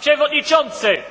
Przewodniczący!